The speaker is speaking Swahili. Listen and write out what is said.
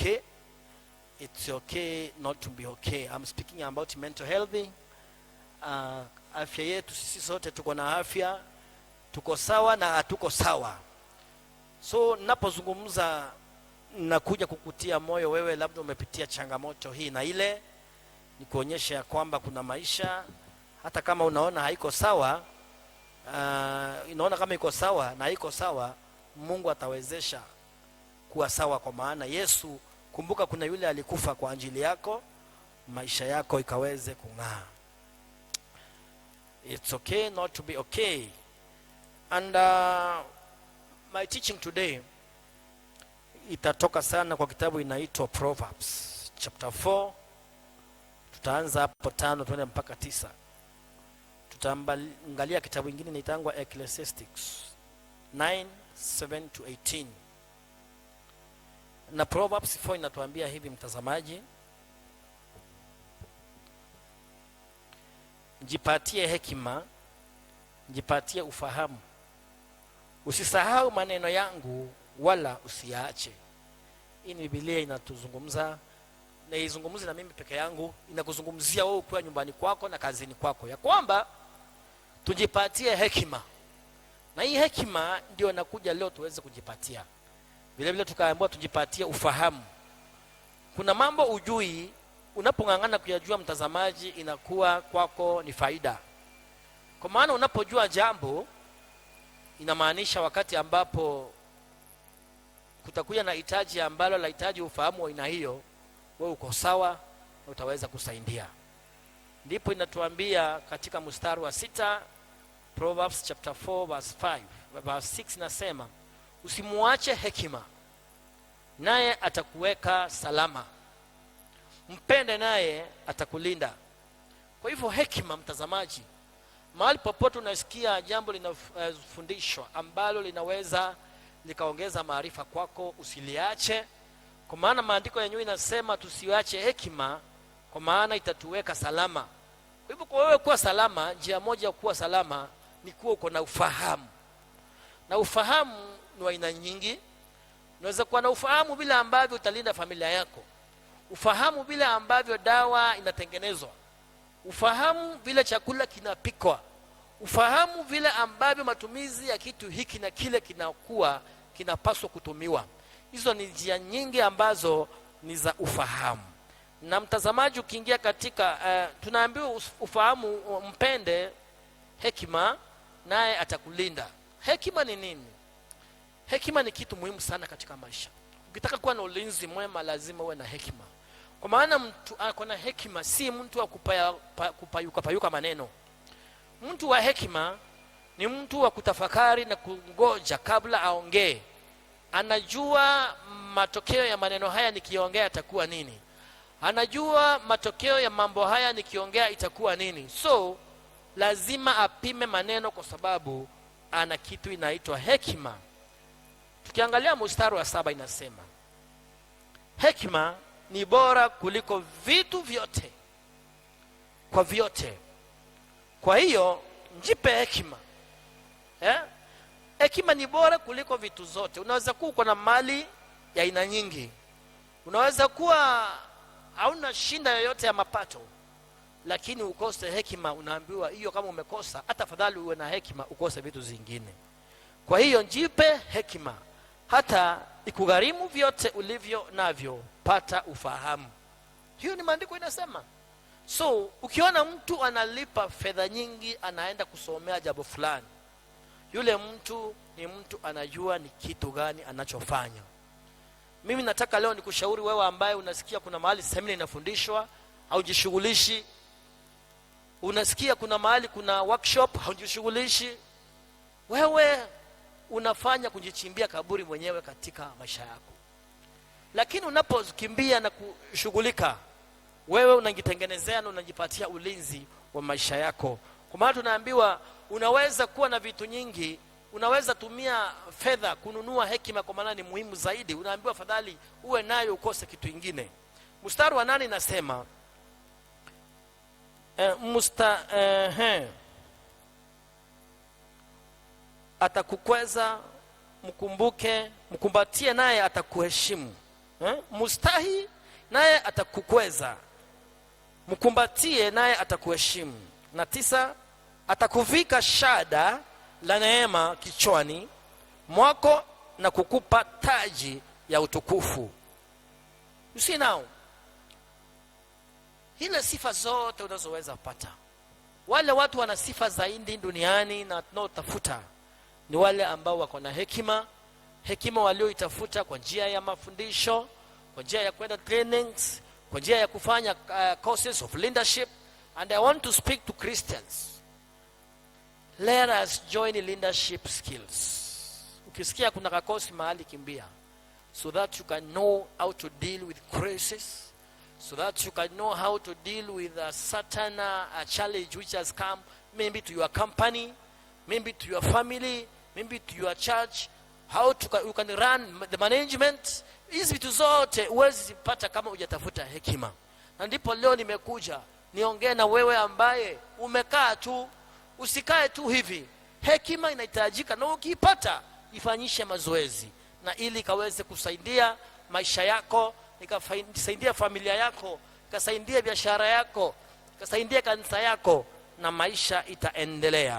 okay. It's okay not to be okay. I'm speaking about mental health. Uh, afya yetu sisi sote tuko na afya, tuko sawa na hatuko sawa. So napozungumza nakuja kukutia moyo wewe, labda umepitia changamoto hii na ile, ni kuonyesha ya kwamba kuna maisha, hata kama unaona haiko sawa uh, inaona kama iko sawa na haiko sawa, Mungu atawezesha kuwa sawa, kwa maana Yesu Kumbuka kuna yule alikufa kwa ajili yako, maisha yako ikaweze kung'aa. It's okay not to be okay. And uh, my teaching today itatoka sana kwa kitabu inaitwa Proverbs chapter 4. Tutaanza hapo tano tuende mpaka tisa. Tutaangalia kitabu kingine inaitangwa Ecclesiastics 9 7 to 18 na Proverbs 4 inatuambia hivi, mtazamaji, jipatie hekima, jipatie ufahamu, usisahau maneno yangu wala usiache Hii ni Biblia inatuzungumza na izungumzi na mimi peke yangu, inakuzungumzia wewe ukiwa nyumbani kwako na kazini kwako, ya kwamba tujipatie hekima, na hii hekima ndio nakuja leo tuweze kujipatia vile vile tukaambiwa tujipatie ufahamu. Kuna mambo ujui, unapong'ang'ana kuyajua, mtazamaji, inakuwa kwako ni faida, kwa maana unapojua jambo inamaanisha wakati ambapo kutakuja na hitaji ambalo lahitaji ufahamu wa aina hiyo, wewe uko sawa na utaweza kusaidia. Ndipo inatuambia katika mstari wa sita Proverbs chapter 4 verse 5 verse 6 inasema usimuache hekima, naye atakuweka salama. Mpende naye atakulinda. Kwa hivyo hekima, mtazamaji, mahali popote unasikia jambo linafundishwa ambalo linaweza likaongeza maarifa kwako, usiliache, kwa maana maandiko yenyewe inasema tusiache hekima, kwa maana itatuweka salama. Kwa hivyo, kwa wewe kuwa salama, njia moja ya kuwa salama ni kuwa uko na ufahamu, na ufahamu ni wa aina nyingi. Unaweza kuwa na ufahamu vile ambavyo utalinda familia yako, ufahamu vile ambavyo dawa inatengenezwa, ufahamu vile chakula kinapikwa, ufahamu vile ambavyo matumizi ya kitu hiki na kile kinakuwa kinapaswa kutumiwa. Hizo ni njia nyingi ambazo ni za ufahamu. Na mtazamaji, ukiingia katika uh, tunaambiwa ufahamu um, mpende hekima, naye atakulinda. Hekima ni nini? Hekima ni kitu muhimu sana katika maisha. Ukitaka kuwa na ulinzi mwema, lazima uwe na hekima, kwa maana mtu ako na hekima si mtu wa kupaya, pa, kupayuka payuka maneno. Mtu wa hekima ni mtu wa kutafakari na kungoja kabla aongee. Anajua matokeo ya maneno haya, nikiongea yatakuwa nini? Anajua matokeo ya mambo haya, nikiongea itakuwa nini? So lazima apime maneno, kwa sababu ana kitu inaitwa hekima. Tukiangalia mstari wa saba inasema hekima ni bora kuliko vitu vyote kwa vyote, kwa hiyo njipe hekima eh? Hekima ni bora kuliko vitu zote. Unaweza kuwa uko na mali ya aina nyingi, unaweza kuwa hauna shinda yoyote ya mapato, lakini ukose hekima, unaambiwa hiyo kama umekosa, hata fadhali uwe na hekima ukose vitu zingine. Kwa hiyo njipe hekima hata ikugharimu vyote ulivyo navyo, pata ufahamu. Hiyo ni maandiko inasema. So ukiona mtu analipa fedha nyingi, anaenda kusomea jambo fulani, yule mtu ni mtu anajua ni kitu gani anachofanya. Mimi nataka leo nikushauri wewe ambaye unasikia kuna mahali semina inafundishwa haujishughulishi, unasikia kuna mahali kuna workshop haujishughulishi, wewe unafanya kujichimbia kaburi mwenyewe katika maisha yako. Lakini unapokimbia na kushughulika, wewe unajitengenezea na unajipatia ulinzi wa maisha yako, kwa maana tunaambiwa unaweza kuwa na vitu nyingi unaweza tumia fedha kununua hekima, kwa maana ni muhimu zaidi. Unaambiwa fadhali uwe nayo ukose kitu ingine. Mstari wa nane inasema eh, musta, he, eh, eh, atakukweza, mkumbuke, mkumbatie, naye atakuheshimu eh? Mustahi naye atakukweza, mkumbatie, naye atakuheshimu. Na tisa, atakuvika shada la neema kichwani mwako na kukupa taji ya utukufu. You see now, ile sifa zote unazoweza kupata, wale watu wana sifa zaidi duniani na tunaotafuta ni wale ambao wako na hekima, hekima walioitafuta kwa njia ya mafundisho, kwa njia ya kwenda trainings, kwa njia ya kufanya uh, courses of leadership and I want to speak to Christians. Let us join leadership skills. Ukisikia kuna kakosi mahali kimbia, so that you can know how to deal with crisis so that you can know how to deal with a certain uh, challenge which has come maybe to your company, maybe to your family, maybe to your church, how to, you can run the management. Hizi vitu zote huwezi zipata kama hujatafuta hekima, na ndipo leo nimekuja niongee na wewe ambaye umekaa tu. Usikae tu hivi, hekima inahitajika, na ukiipata ifanyishe mazoezi, na ili ikaweze kusaidia maisha yako, ikasaidia familia yako, ikasaidia biashara yako, ikasaidia kanisa yako, na maisha itaendelea.